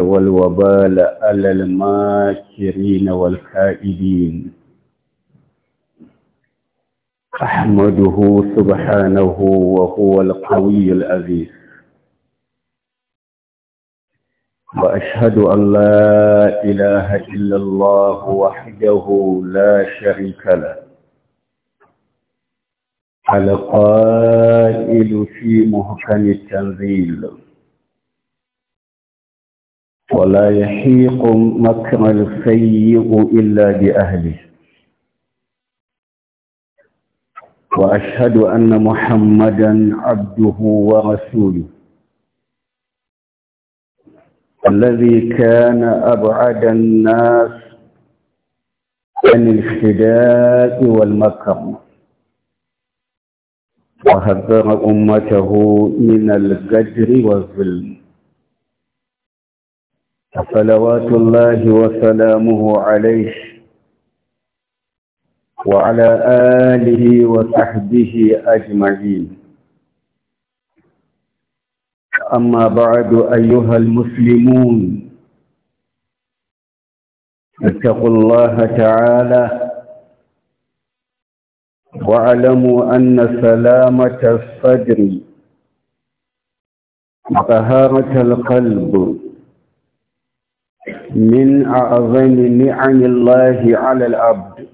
والوبال على الماكرين والكائدين أحمده سبحانه وهو القوي العزيز وأشهد أن لا إله إلا الله وحده لا شريك له القائل في محكم التنزيل ولا يحيق مكر السيء إلا بأهله وأشهد أن محمدا عبده ورسوله الذي كان أبعد الناس عن الخداع والمكر وحذر أمته من الجدر والظلم صلوات الله وسلامه عليه وعلى آله وصحبه أجمعين أما بعد أيها المسلمون اتقوا الله تعالى واعلموا أن سلامة الصدر وطهارة القلب من أعظم نعم الله على العبد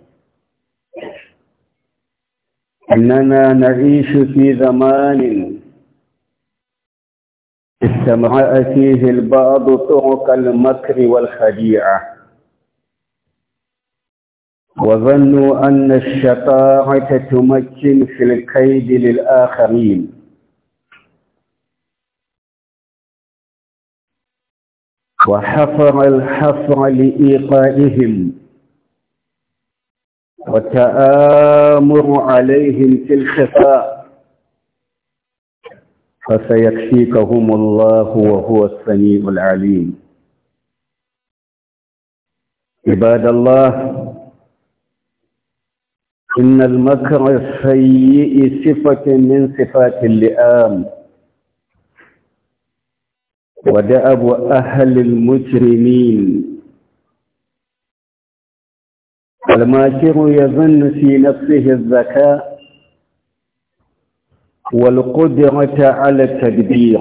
أننا نعيش في زمان استمع فيه البعض طرق المكر والخديعة وظنوا أن الشطاعة تمكن في الكيد للآخرين وحفر الحفر لإيقائهم وتآمر عليهم في الخفاء فسيكفيكهم الله وهو السميع العليم عباد الله إن المكر السيء صفة من صفات اللئام ودأب أهل المجرمين الماكر يظن في نفسه الذكاء والقدرة على التدبير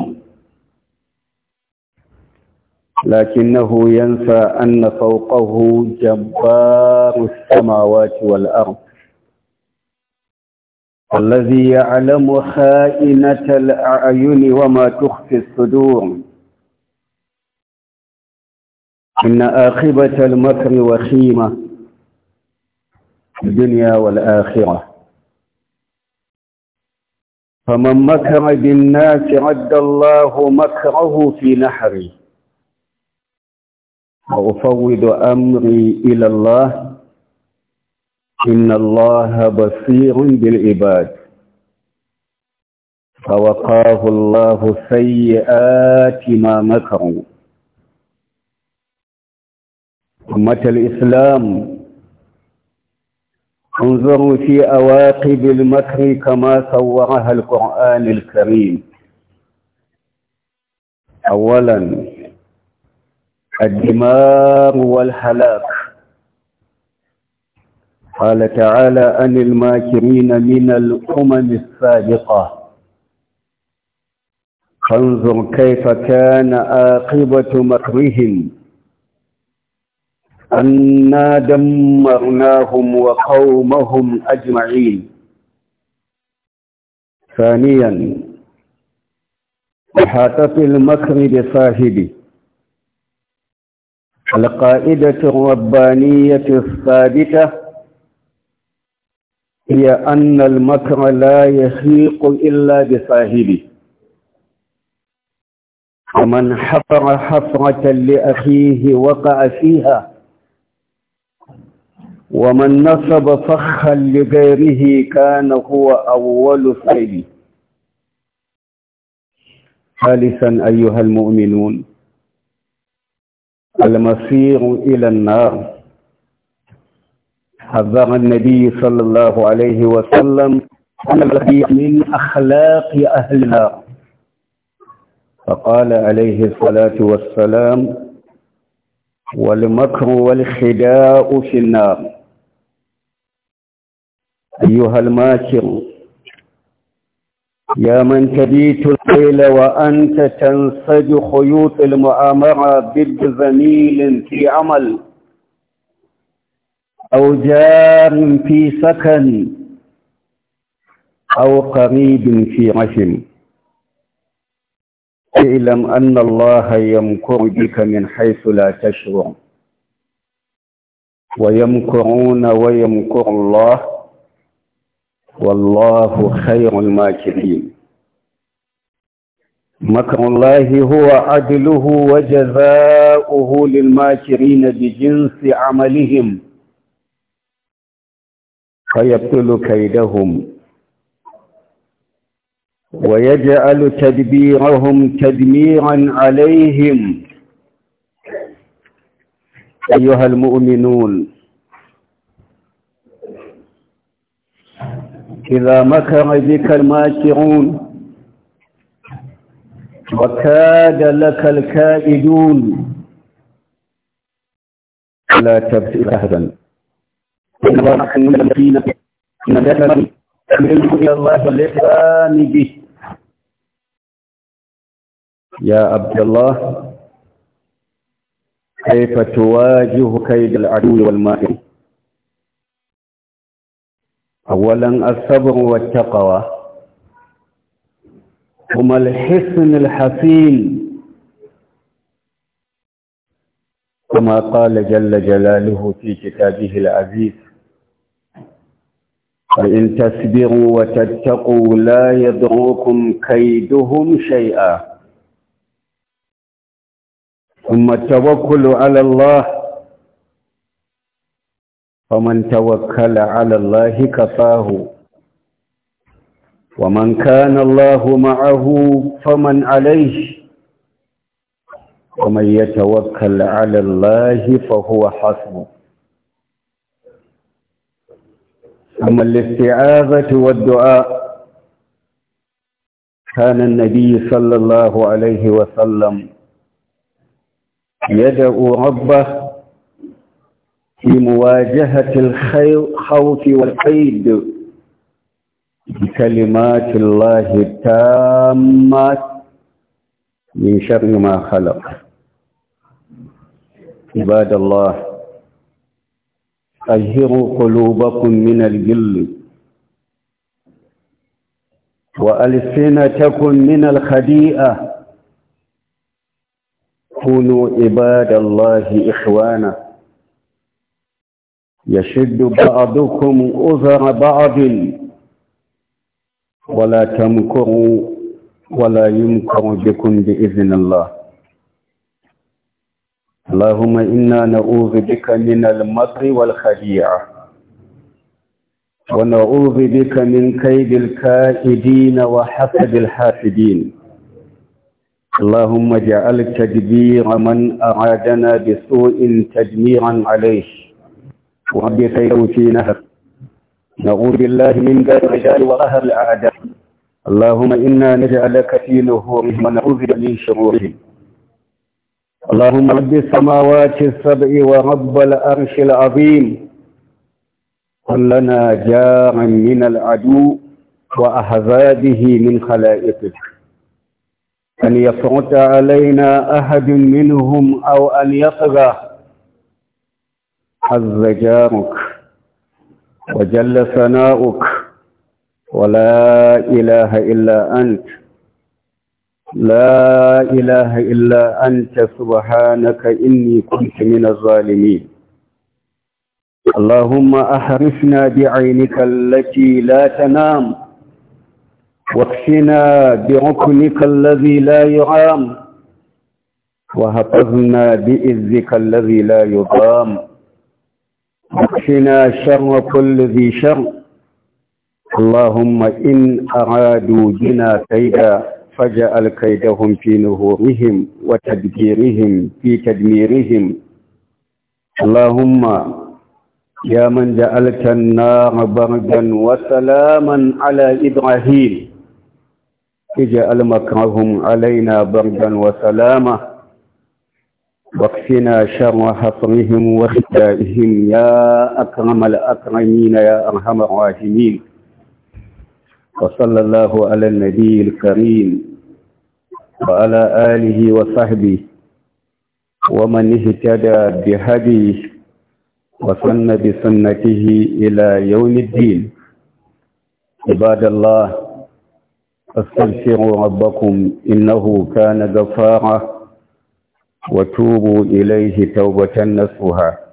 لكنه ينسى أن فوقه جبار السماوات والأرض الذي يعلم خائنة الأعين وما تخفي الصدور إن آخبة المكر وخيمة الدنيا والآخرة فمن مكر بالناس عد الله مكره في نحري وأفوض أمري إلى الله إن الله بصير بالعباد فوقاه الله سيئات ما مكروا أمة الإسلام انظروا في أواقب المكر كما صورها القرآن الكريم أولا الدمار والهلاك قال تعالى عن الماكرين من الأمم السابقة فانظر كيف كان عاقبة مكرهم أنا دمرناهم وقومهم أجمعين ثانيا إحاطة المكر بصاحبي القائدة الربانية الثابتة هي أن المكر لا يخيق إلا بصاحبي ومن حفر حفرة لأخيه وقع فيها ومن نصب فخا لغيره كان هو أول فعل ثالثا أيها المؤمنون المصير إلى النار حذر النبي صلى الله عليه وسلم من أخلاق أهل النار فقال عليه الصلاة والسلام والمكر والخداع في النار أيها الماكر يا من تبيت الليل وأنت تنسج خيوط المؤامرة ضد زميل في عمل أو جار في سكن أو قريب في رحم اعلم أن الله يمكر بك من حيث لا تشعر ويمكرون ويمكر الله والله خير الماكرين مكر الله هو عدله وجزاؤه للماكرين بجنس عملهم فيبطل كيدهم ويجعل تدبيرهم تدميرا عليهم أيها المؤمنون إذا مكر بك الماكرون وكاد لك الكائدون لا تبتئ أهدا يا عبد الله كيف تواجه كيد العدو والمائل أولا الصبر والتقوى ثم الحصن الحصين كما قال جل جلاله في كتابه العزيز فإن تصبروا وتتقوا لا يضركم كيدهم شيئا ثم التوكل على الله فمن توكل على الله كفاه ومن كان الله معه فمن عليه ومن يتوكل على الله فهو حسبه أما الاستعاذة والدعاء كان النبي صلى الله عليه وسلم يدعو ربه في مواجهة الخوف والقيد بكلمات الله التامة من شر ما خلق عباد الله أجهروا قلوبكم من الجل وألسنتكم من الخديئة كونوا عباد الله إخوانا يشد بعضكم أذر بعض ولا تمكروا ولا يمكر بكم بإذن الله اللهم إنا نعوذ بك من المكر والخديعة ونعوذ بك من كيد الكائدين وحسد الحاسدين اللهم اجعل تدبير من أرادنا بسوء تدميرا عليه وربي كيده في نهر نعوذ بالله من دار الرجال وقهر الأعداء اللهم إنا نجعلك في نهورهم ونعوذ من شرورهم اللهم رب السماوات السبع ورب الأرش العظيم قل لنا جارا من العدو وأحزابه من خلائقك أن يفرط علينا أحد منهم أو أن يطغى حز جارك وجل ثناؤك ولا إله إلا أنت لا إله إلا أنت سبحانك إني كنت من الظالمين اللهم أحرسنا بعينك التي لا تنام واكسنا بركنك الذي لا يعام وهفظنا بإذك الذي لا يضام واكفنا شر كل ذي شر اللهم إن أرادوا بنا كيدا فجعل كيدهم في نهورهم وتدبيرهم في تدميرهم اللهم يا من جعلت النار بردا وسلاما على إبراهيم اجعل مكرهم علينا بردا وسلاما واكفنا شر حصرهم وختائهم يا أكرم الأكرمين يا أرحم الراحمين وصلى الله على النبي الكريم وعلى آله وصحبه ومن اهتدى بهديه وسن بسنته إلى يوم الدين عباد الله استغفروا ربكم إنه كان غفارا وتوبوا إليه توبة نصفها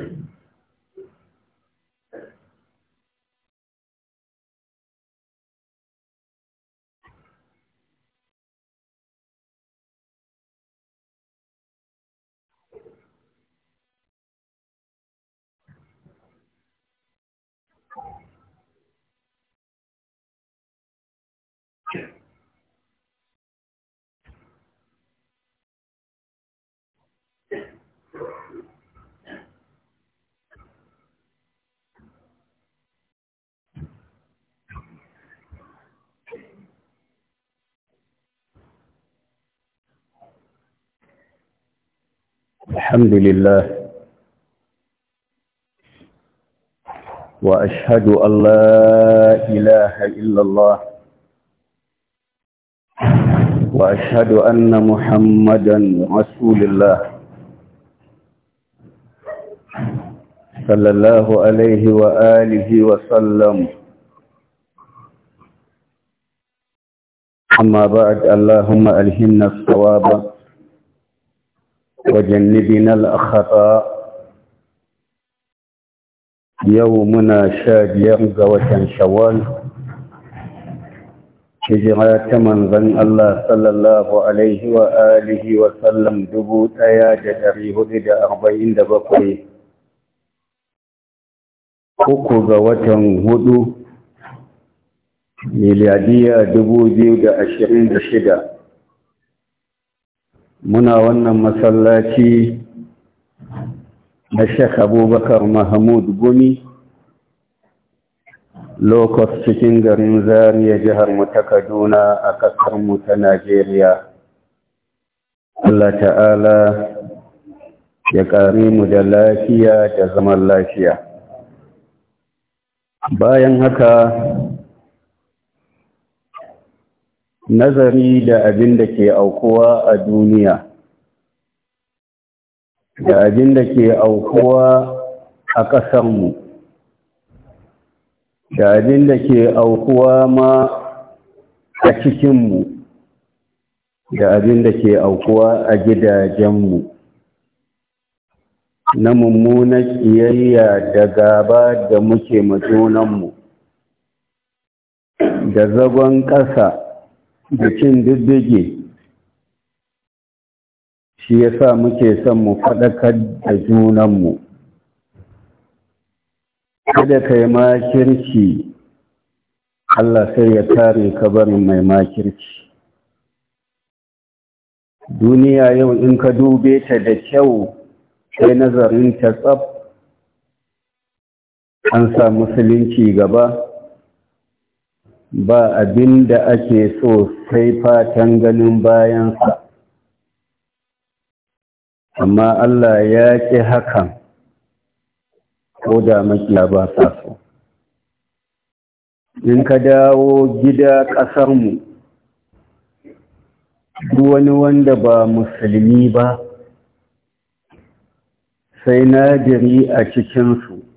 Thank you. الحمد لله وأشهد أن لا إله إلا الله وأشهد أن محمدا رسول الله صلى الله عليه وآله وسلم أما بعد اللهم ألهمنا الصواب وجنبنا الأخطاء يومنا يغز وشن شوال hijira ta manzan Allah صلى الله عليه وآله وسلم sallam dubu ɗaya da أربعين hudu Uku ga watan hudu, miliyadiyya dubu biyu da ashirin da shida. muna wannan masallaci na Sheikh Abubakar Mahmud Gumi lokos cikin garin Zariya jihar mu ta Kaduna a kasar mu ta Najeriya Allah ta'ala ya ƙare mu da lafiya da zaman lafiya bayan haka nazari da abin da ke aukuwa a duniya da abin da ke aukuwa a ƙasarmu da abin da ke aukuwa ma a cikinmu da abin da ke aukuwa a gidajenmu na mummunan ƙiyayya da gaba da muke mu da zagon ƙasa da cin diddige shi ya sa muke son mu faɗakar da junanmu kada ka yi makirci Allah sai ya kare ka bari mai makirci duniya yau in ka dube ta da kyau sai nazarin ta tsab an sa musulunci gaba ba abin da ake so sai fatan ganin bayansa amma Allah ya ƙi hakan ko da makiya ba sa so in ka dawo gida ƙasarmu duk wani wanda ba musulmi ba sai nadiri a cikinsu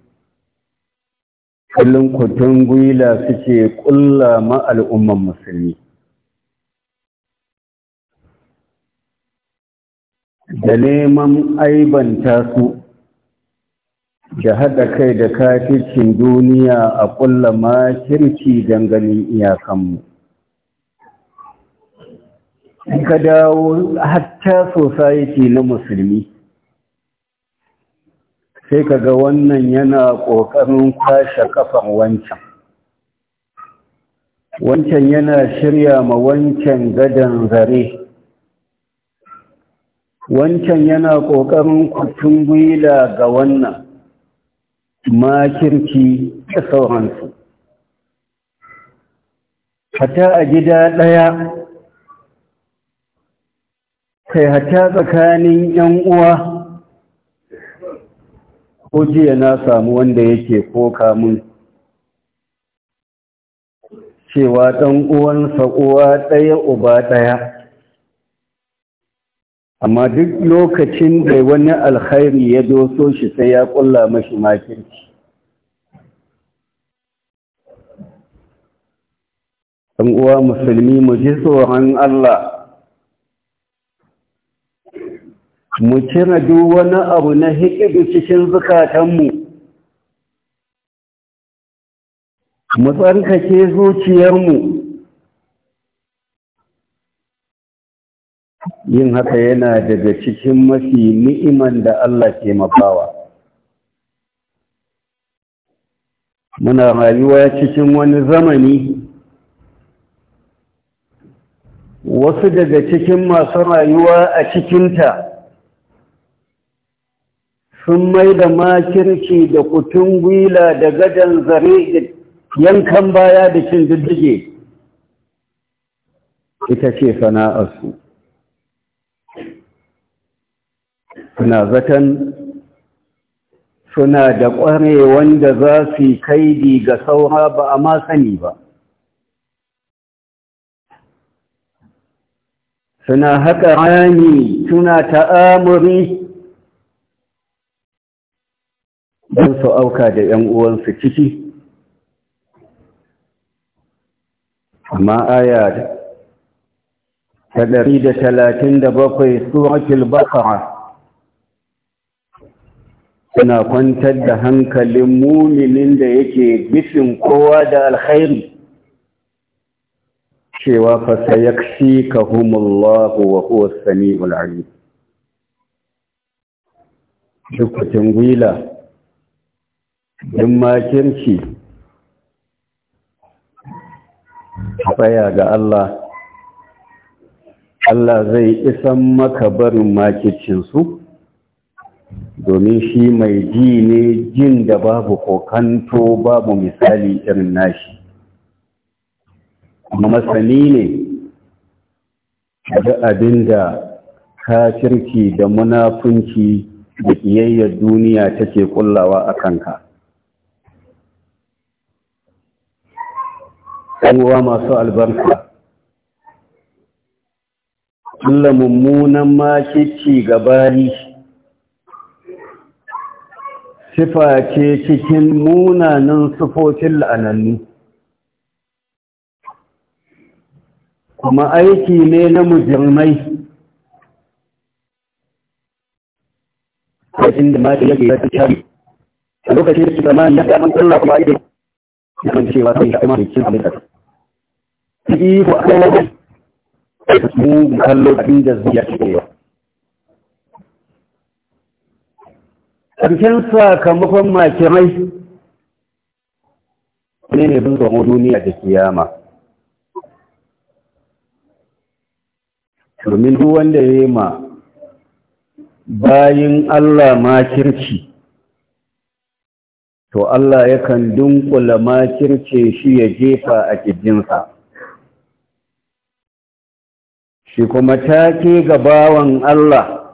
kullum kutun gwila suke kulla ma al'umman musulmi da neman aibanta su da haɗa kai da kafircin duniya a kulla makirci dangane iyakanmu ka dawo hatta society na musulmi sai ka ga wannan yana ƙoƙarin kwashe kafan wancan wancan yana shirya ma wancan gadon zare wancan yana ƙoƙarin kutun gwila ga wannan makirki da sauransu hata a gida ɗaya kai hata tsakanin 'yan uwa ko jiya na samu wanda yake koka mun cewa ɗan uwansa uwa ɗaya uba ɗaya amma duk lokacin da wani alkhairi ya doso shi sai ya ƙulla mashi makirci ɗan uwa musulmi mu ji tsoron Allah mu cire duk wani abu na hikidu cikin zukatanmu mu tsarkake zuciyarmu yin haka yana daga cikin mafi ni'iman da Allah ke mafawa muna rayuwa cikin wani zamani wasu daga cikin masu rayuwa a cikinta sun mai da makirci da kutun gwila da gadon zare da yankan baya da cin diddige ita ce sana'arsu suna zaton suna da ƙware wanda za su kaidi ga saura ba a ma sani ba suna haka rami suna ta'amuri don su auka da ‘yan uwansu ciki amma aya ta ɗari da talatin da bakwai suratul bakara suna kwantar da hankalin muminin da yake bisin kowa da alkhairi cewa fasa ya kashi ka wa huwa Sani ul'ari duk gwila in makirci tsaya ga Allah Allah zai isan maka barin makircinsu domin shi mai ji ne jin da babu kokanto babu misali irin nashi masani ne da abin da kafirci da munafunci da ƙiyayyar duniya take kullawa a kanka uwa masu albarka Allah mummunan makici gabari sifa ce cikin munanan sufofin la'anannu kuma aiki ne na mujirmai lokacin da mata yake ya tsari a lokacin da su zama ya ga Allah kuma aiki Ya kan cewa sai ya kuma cikin abin da iko a kan mu kallo abin da zuciya ke yi ƙarshen sakamakon makirai ne ne bin tsoron duniya da kiyama domin duk wanda ya yi ma bayin Allah makirci to Allah yakan dunkula makirce shi ya jefa a ƙirjinsa shi kuma take ga bawan Allah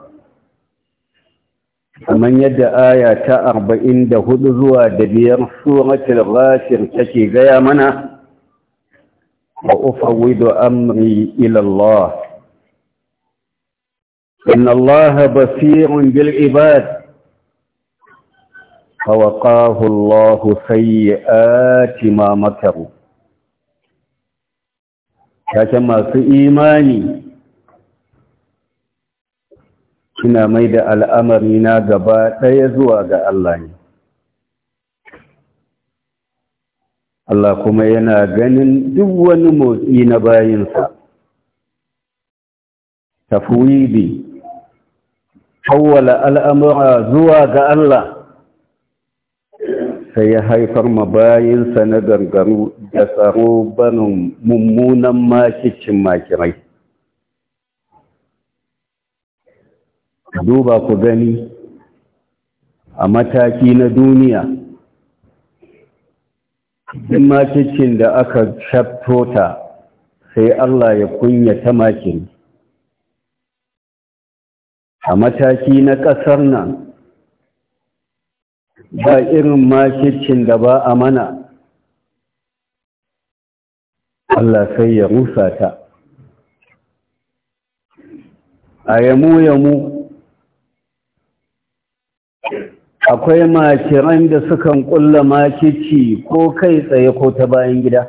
kamar yadda aya ta arba'in da hudu zuwa da biyar suratul ta take gaya mana wa ufawwidu amri ila Allah inna Allah basirun bil ibad فوقاه الله سيئات ما مكروا كما masu imani Kina mai da al'amari na gaba ɗaya zuwa ga Allah ne Allah kuma yana ganin duk wani motsi na bayinsa tafwidi hawwala al'amura zuwa ga Allah sai ya haifar ma bayinsa na gangaru da tsaro banin mummunan makicin makirai duba ku gani a mataki na duniya in makicin da aka shafto ta sai Allah ya kunyata makin a mataki na ƙasar nan ba irin makicin da ba a mana Allah sai ya rusa ta a yamu yamu akwai makiran da sukan kulla makici ko kai tsaye ko ta bayan gida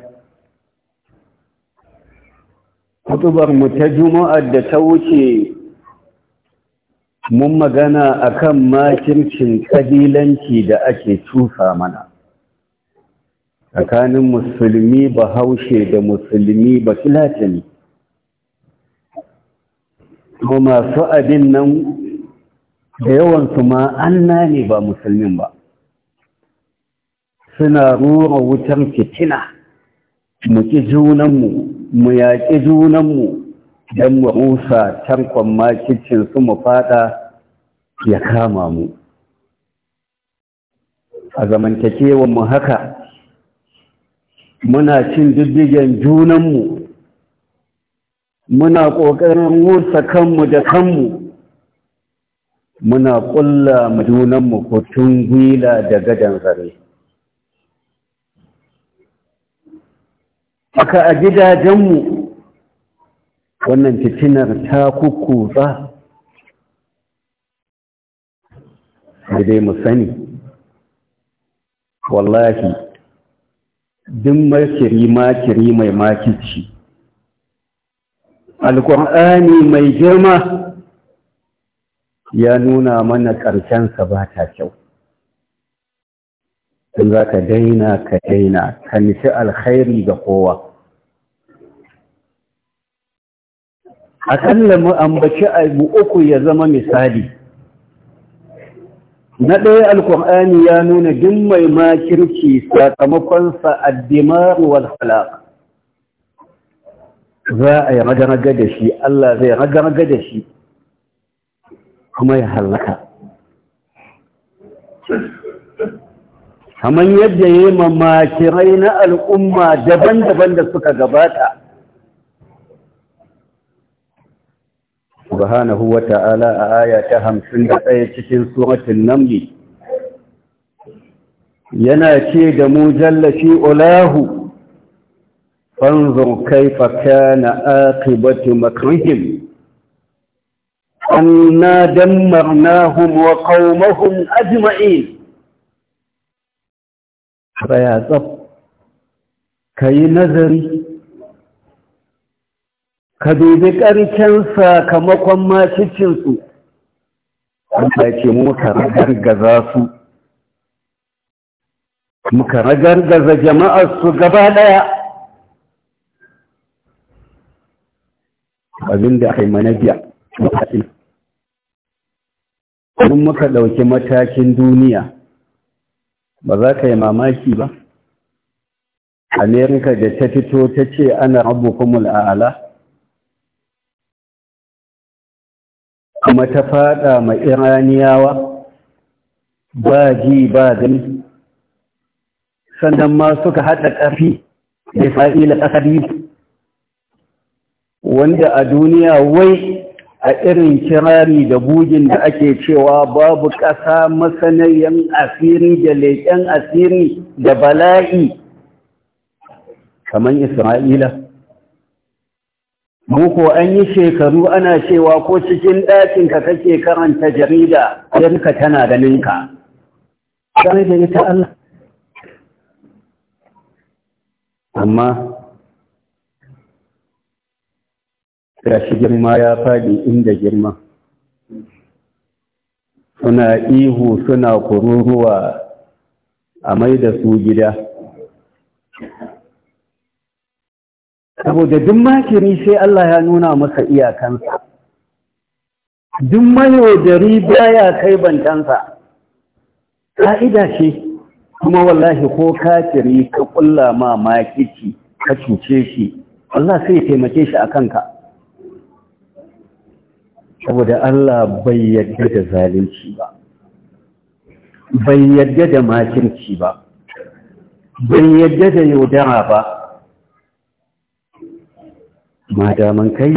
kutubar mu ta juma'ar da ta wuce mun magana akan makircin kabilanci da ake cusa mana tsakanin musulmi bahaushe da musulmi ba filatini ko masu abin nan da yawansu ma anna ne ba musulmin ba suna rura wutar fitina mu ƙi junanmu mu yaƙi junanmu don mu rusa tarkon su mu fada ya kama mu a mu haka muna cin diddigen junanmu muna ƙoƙarin rusa kanmu da kanmu muna ƙulla mu kutun gwila da gadon zare aka a gidajenmu wannan fitinar ta kukkuta da dai mu sani wallahi duk makiri makiri mai makici alƙur'ani mai girma ya nuna mana ƙarshensa ba ta kyau in za ka daina ka daina ka nishi alkhairi ga kowa aƙalla mu ambaci abu uku ya zama misali na ɗaya alkur'ani ya nuna duk mai makirci sakamakonsa addimar wal halaq za a yi raga da shi Allah zai raga da shi kuma ya halaka kamar yadda ya yi mamakirai na al'umma daban-daban da suka gabata subhanahu wa ta'ala a aya ta hamsin da tsaye cikin suratun namli yana ce da mu jallashi olahu fanzon kaifa na aqibatu makrihim أنا dan وقومهم أجمعين فيا طب كي نظري ka dubi ƙarshen sakamakon macicinsu wanda ya ce muka ragargaza su muka ragargaza jama'arsu gaba ɗaya abinda haimanabiya a in muka ɗauki matakin duniya ba za ka yi mamaki ba amerika da ta fito ta ce ana abubuwan a'ala kuma ta fada ma iraniyawa ba ji ba gani sannan ma suka haɗa ƙafi da isra'ila ƙasar wanda a duniya wai a irin kirari da bugin da ake cewa babu ƙasa masanayyan asiri da leƙen asiri da bala'i kamar isra'ila muku an yi shekaru ana cewa ko cikin ɗakinka kake karanta jarida yanka tana ganinka da ita amma da shi girma ya faɗi inda girma suna ihu suna kururuwa a mai da su gida saboda duk makiri sai Allah ya nuna masa iyakansa duk mayaudari baya kai bantansa ka'ida ce kuma wallahi ko kafiri ka kulla ma makici ka cuce shi Allah sai ya taimake shi a kanka saboda Allah bai yadda da zalunci ba bai yadda da makirci ba bai yadda da yaudara ba Ma daman kai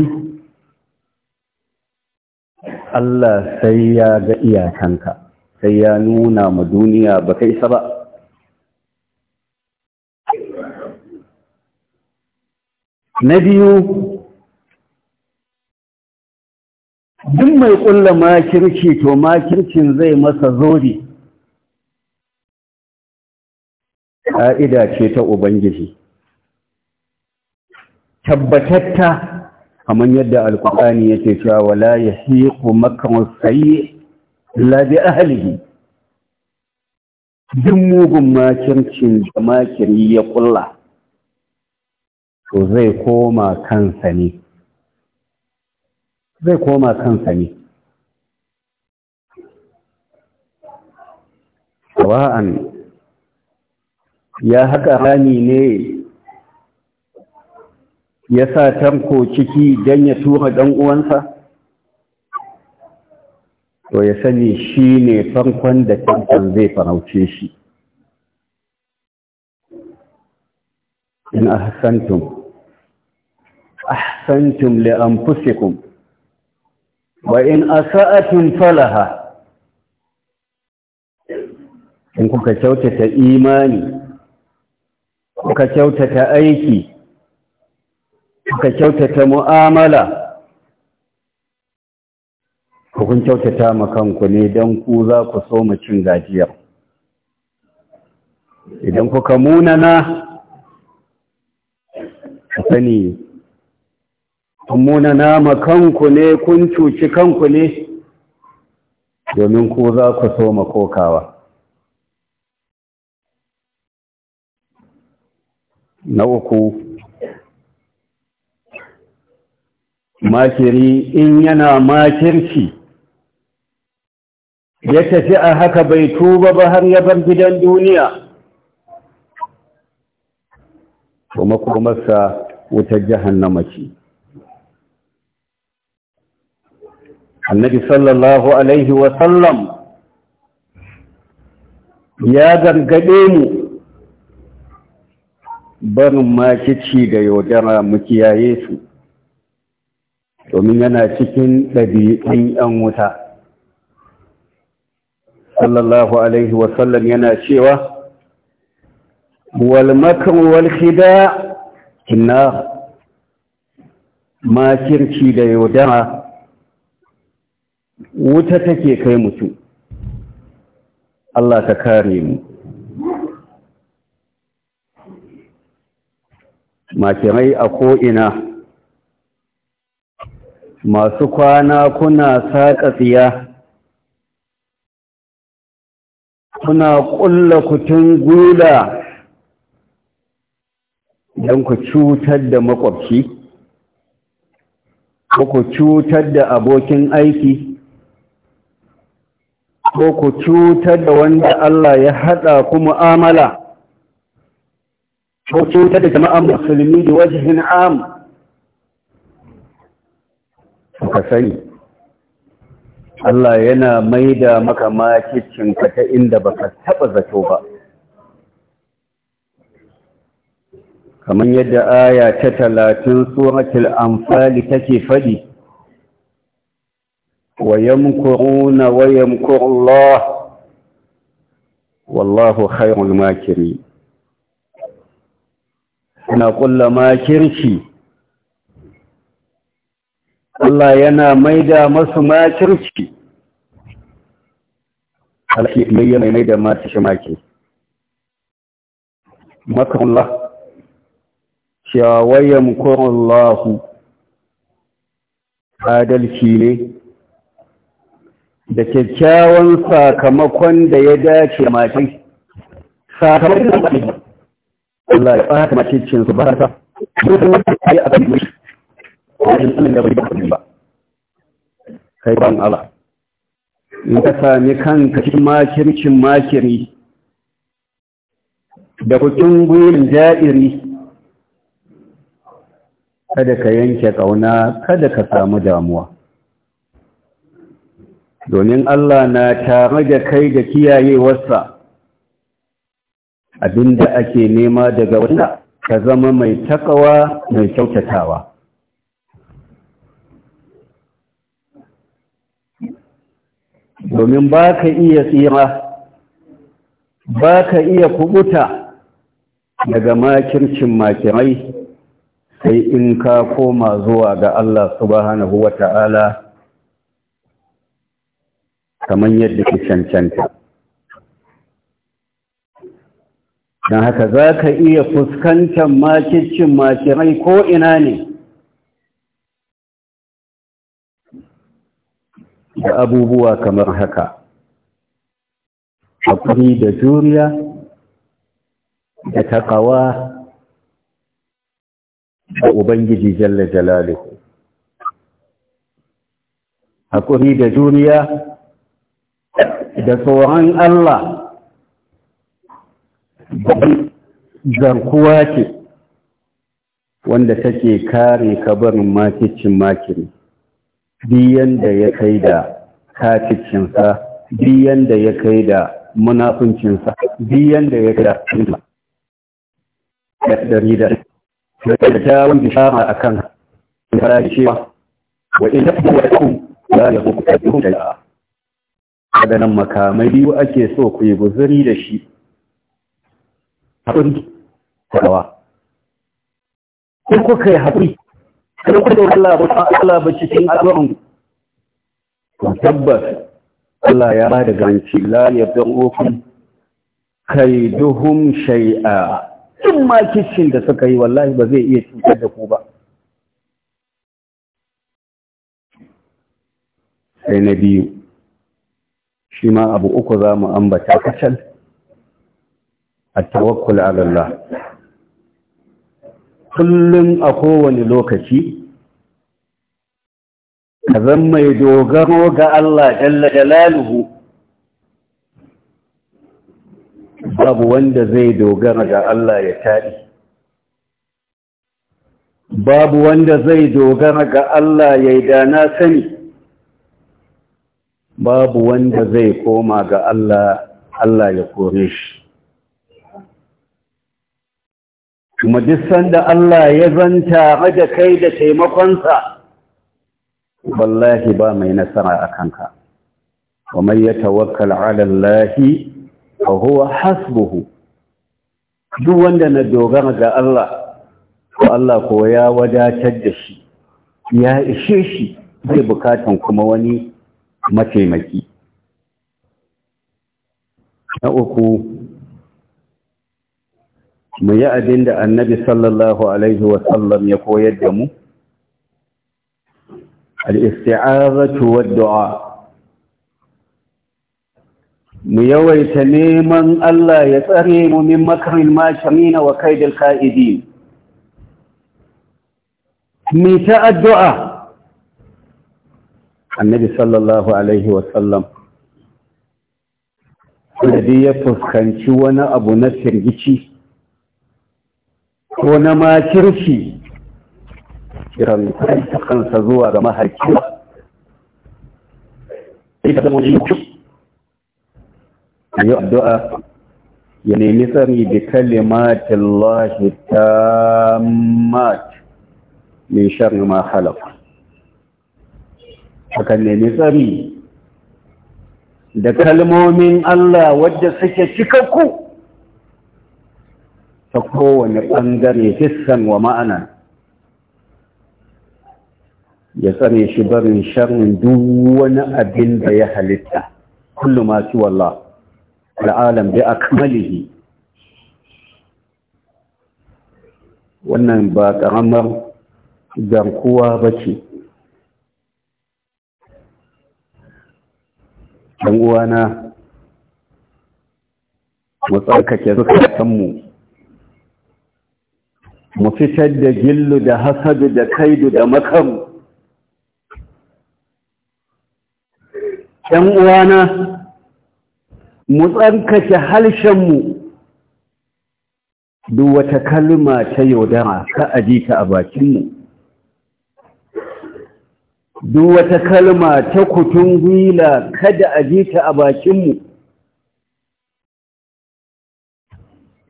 Allah sai ya ga iyakanka sai ya nuna ma duniya ba kai isa ba na biyu duk mai ƙulla makirci to makircin zai masa zori ƙa'ida ce ta ubangiji tabbatatta kamar yadda alkur'ani yake cewa wala yahiqu makru sayyi illa bi ahalihi duk mugun makircin da makiri ya ƙulla. to zai koma kansa ne zai koma kansa ne sawa'an ya haka rami ne ya sa tanko ciki don ya tura ɗan uwansa to ya sani shi ne farkon da tankon zai farauce shi in ahsantum ahsantum li anfusikum in asa'atin falaha in kuka kyautata imani kuka kyautata aiki kuka kyautata mu'amala kun kyautata kanku ne don ku za ku so cin gajiyar idan kuka munana sani muna nama kanku ne kun cuci kanku ne domin ku za ku so kokawa. na uku makiri in yana makirci ya tafi a haka bai tuba ba har ya bar gidan duniya kuma sa wutar jahannama ce annabi sallallahu alaihi wasallam ya gargaɗe mu barin makici da yaudara mu kiyaye su domin yana cikin ɗabi'un ‘yan wuta sallallahu alaihi wasallam yana cewa walmakar walhida inna makirci da yaudara wuta take kai mutum Allah ta kare mu makirai a ko'ina masu kwana kuna saƙa tsiya kuna ƙulla kutun gula don ku cutar da makwabci ku cutar da abokin aiki ko ku cutar da wanda Allah ya haɗa ku mu'amala ko cutar da jama'an musulmi da wajihin am ka sani Allah yana maida maka makicinka ta inda baka taɓa zato ba kamar yadda aya ta talatin suratul amfali take faɗi ويمكرون ويمكر الله والله خير الماكرين na kulla makirci Allah yana maida masu makirci halaki mai yana maida masu shi maki makarullah shawayen kurullahu adalci ne da kyakkyawan sakamakon da ya dace mace sakamakon da ya Allah ya fara mace cin su ba ta kai a kan mishi wani sanin da bai da ba kai ban Allah in ka sami kanka cikin makircin makiri da kukin gwiwin ja'iri kada ka yanke kauna kada ka samu damuwa domin Allah na tare da kai da kiyayewarsa abinda ake nema daga wanda ka zama mai takawa mai kyautatawa domin ba ka iya tsira ba ka iya kubuta daga makircin makirai sai in ka koma zuwa ga Allah subhanahu wa ta'ala kamar yadda ke cancanta don haka za ka iya fuskantar makicin makirai ko ina ne da abubuwa kamar haka haƙuri da juriya da taƙawa da ubangiji jalla jalaluhu haƙuri da juriya da tsoron Allah garkuwa ce wanda take kare kabarin makicin makiri biyan da ya kai da kacicinsa biyan da ya kai da munafuncinsa biyan da ya kai da cinta da ɗari da da kyawun bishara a kan fara cewa wa ina kuwa kun za ya hukuta da waɗannan makamai biyu ake so ku yi guzuri da shi haɗin dawa kuka yi haƙuri kada ku da Allah ba Allah ba cikin al'amuran ku tabbas Allah ya ba da don ofin Kai duhun shai'a. in ma kishin da suka yi wallahi ba zai iya cutar da ku ba sai na biyu shi ma abu uku za mu ambata kacal a tawakul alallah kullum a kowane lokaci ka zan mai dogaro ga Allah jalla jalaluhu babu wanda zai dogara ga Allah ya taɗi babu wanda zai dogara ga Allah ya yi dana sani babu wanda zai koma ga Allah Allah ya kore shi kuma duk sanda Allah ya zanta da kai da taimakonsa wallahi ba mai nasara a ka. kamar ya tawakkal ala Allah fa huwa hasbuhu duk wanda na dogara ga Allah to Allah ko ya wadatar da shi ya ishe shi zai bukatan kuma wani mataimaki na uku mu yi abin da annabi sallallahu alaihi wasallam ya koyar da mu al'isti'azatu wa du'a mu yawaita neman Allah ya tsare mu min makarin mashamina wa kaidil ka'idi mu ta addu'a annabi sallallahu alaihi wasallam da ya fuskanci wani abu na firgici ko na makirci kiran kansa zuwa ga maharki yi addu'a ya nemi tsari da kalimatin lahi ta mat min shar ma halaka akan nemi tsari da kalmomin Allah wadda suke cikakku ta kowane ɓangare hissan wa ma'ana ya tsare shi barin sharin duk wani abin da ya halitta kullum masu walla al'alam bi akmalihi wannan ba ƙaramar garkuwa ba ce ‘yan uwana mu tsarkake zukatanmu mu fitar da gillu da hasadu da kaidu da makamu ‘yan uwana mu tsarkake halshenmu duk wata kalma ta yaudara ka aji a bakinmu duk wata kalma ta kutun gwila kada a ji ta a bakinmu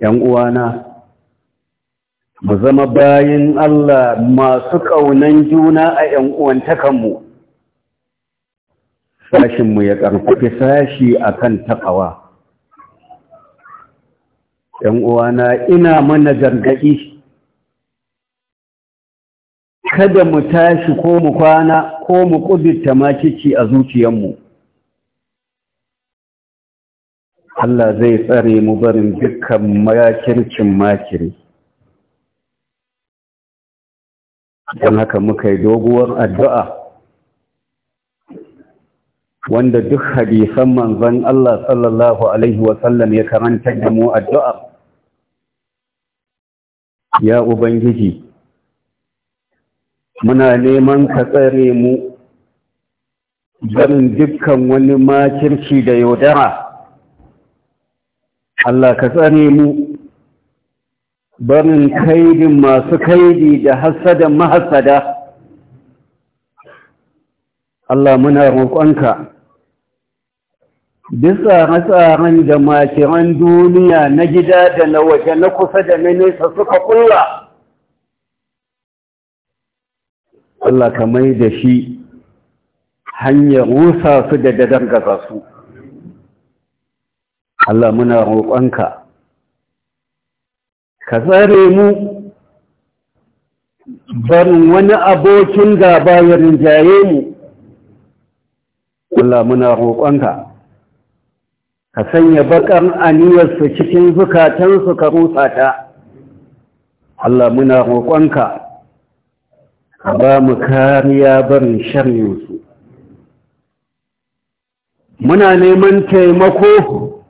‘yan uwana mu zama bayan Allah masu ƙaunan juna a ‘yan uwantakanmu sashinmu ya ƙarfafi sashi a kan taƙawa ‘yan uwana ina mana gargaɗi kada mu tashi ko mu kwana ko mu ƙudurta makici a zuciyarmu Allah zai tsare mu barin dukkan makircin makiri don haka muka yi doguwar addu'a wanda duk hadisan manzan Allah sallallahu Alaihi wasallam ya karanta da mu addu'a ya Ubangiji muna neman ka tsare mu barin dukkan wani makirci da yaudara Allah ka tsare mu barin kaidin masu kaidi da hasada mahasada Allah muna roƙonka bisa tsaren da makiran duniya na gida da na waje na kusa da na nesa suka kulla Allah ka mai da shi hanyar rusa su da dadan gaza su Allah muna roƙonka ka tsare mu barin wani abokin gaba ya rinjaye mu Allah muna roƙonka ka sanya bakar aniyarsu cikin zukatansu ka rusa ta Allah muna roƙonka ka ba mu kariya barin sharrinsu muna neman taimako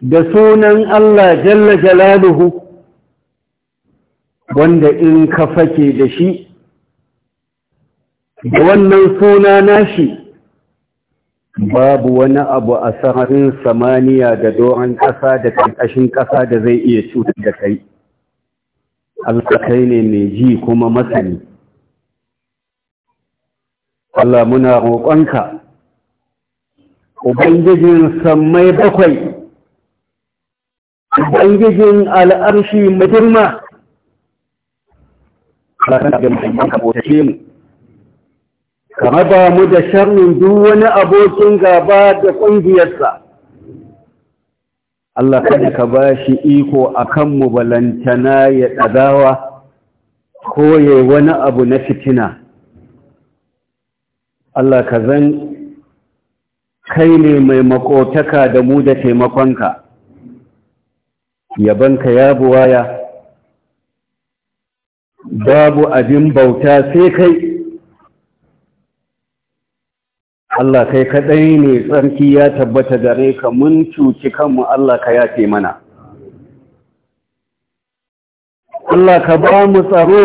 da sunan Allah jalla jalaluhu wanda in ka fake da shi da wannan suna nashi babu wani abu a sararin samaniya da doron ƙasa da ƙarƙashin ƙasa da zai iya cutar da kai Allah kai ne mai ji kuma masani Allah muna roƙonka Ubangijin sammai bakwai Ubangijin al'arshi majirma ka raba mu da sharrin duk wani abokin gaba da ƙungiyarsa Allah kada ka ba shi iko a kan mubalantana ya ɗazawa ko ya wani abu na fitina. Allah ka zan kai ne mai makotaka da mu da taimakonka, ka ya buwaya, babu abin bauta sai kai. Allah kai kadai ne tsarki ya tabbata gare ka mun cuci kanmu Allah ka yafe mana Allah ka ba mu tsaro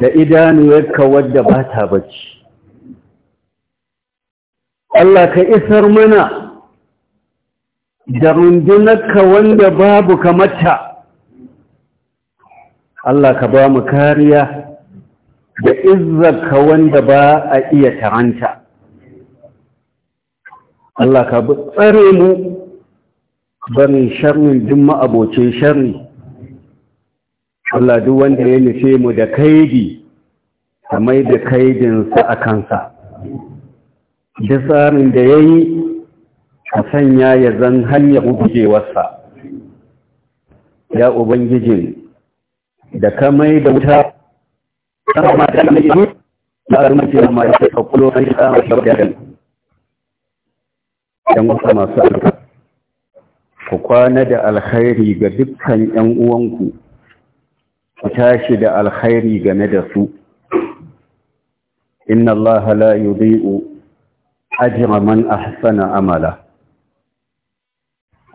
da idanuyarka wadda ba ta bacci Allah ka isar mana da rundunarka wanda babu kamata Allah ka ba mu kariya da izzarka wanda ba a iya taranta Allah ka bi tsare mu barin sharrin duk ma'abocin sharri Allah duk wanda ya nufe mu da kaidi ka mai da kaidinsa a kansa da tsarin da ya yi ka sanya ya zan hanyar gujewarsa ya ubangijin da ka mai da wuta كما ما كان الإسلام لا يمكن ما يتقبله أي آخر شبكة ‘yan uwa masu alka ku kwana da alkhairi ga dukkan ‘yan uwanku ku tashi da alkhairi game da su inna Allah la yudhi'u ajra man ahsana amala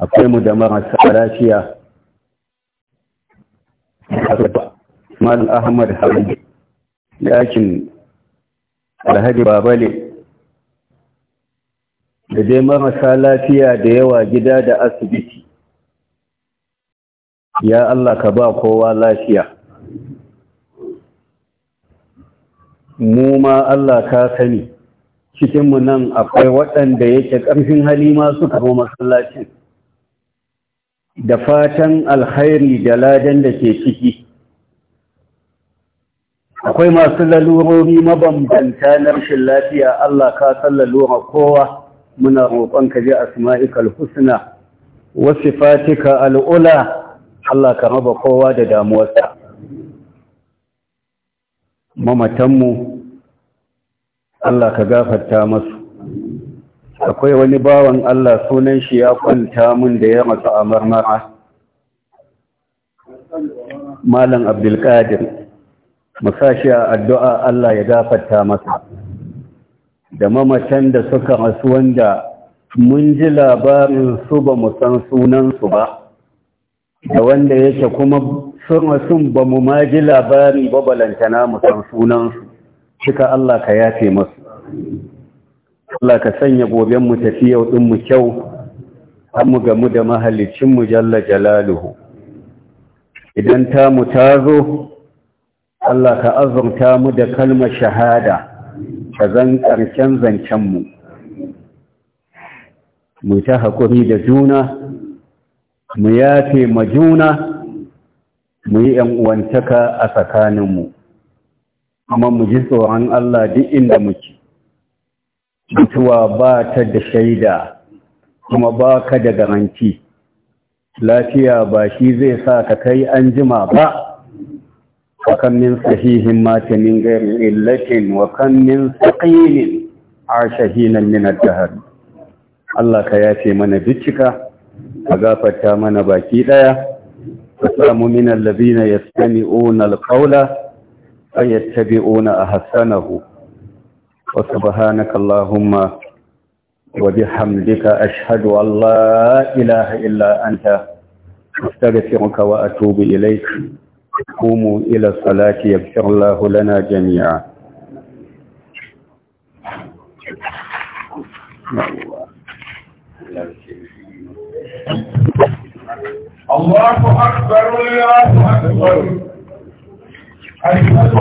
akwai mu da marasa lafiya Mal Ahmad Hamid yakin alhaji ne. da dai marasa lafiya da yawa gida da asibiti ya Allah ka ba kowa lafiya mu ma Allah ka sani cikinmu nan akwai waɗanda yake ƙarfin hali masu suka zo masallacin da fatan alkhairi da ladan da ke ciki akwai masu lalurori mabambanta na rashin lafiya Allah ka san lalura kowa muna roƙon ka ji asma'ikal husna wa sifatika al'ula Allah ka raba kowa da damuwarsa mamatanmu Allah ka gafarta masu akwai wani bawan Allah sunan shi ya kwanta mun da ya rasu a marmara Malam Abdulkadir mu shi a addu'a Allah ya gafarta masa da mamacin da suka rasu wanda mun ji labarin su ba mu san sunansu ba da wanda yake kuma sun rasun ba mu ma ji labari ba balantana mu san sunansu cika Allah ka yafe masu Allah ka sanya goben mu tafi yau din mu kyau Hamu mu gamu da mahallicinmu jalla jalaluhu idan ta mu zo Allah ka azurta mu da kalmar shahada ka zan ƙarshen zancenmu mu ta haƙuri da juna mu yafe ma juna mu yi uwantaka a tsakaninmu amma mu ji tsoron Allah duk inda muke mutuwa ba ta da shaida kuma ba ka da garanti lafiya ba shi zai sa ka kai an jima ba وكم من صحيح مات من غير علة وكم من ثقيل عاش هينا من الدهر الله كياتي من بيتشكا أغافتا من باكي دايا فسام من الذين يستمعون القول فيتبعون أحسنه وسبحانك اللهم وبحمدك أشهد أن لا إله إلا أنت أستغفرك وأتوب إليك قوموا إلى الصلاة يغفر الله لنا جميعا الله أكبر الله أكبر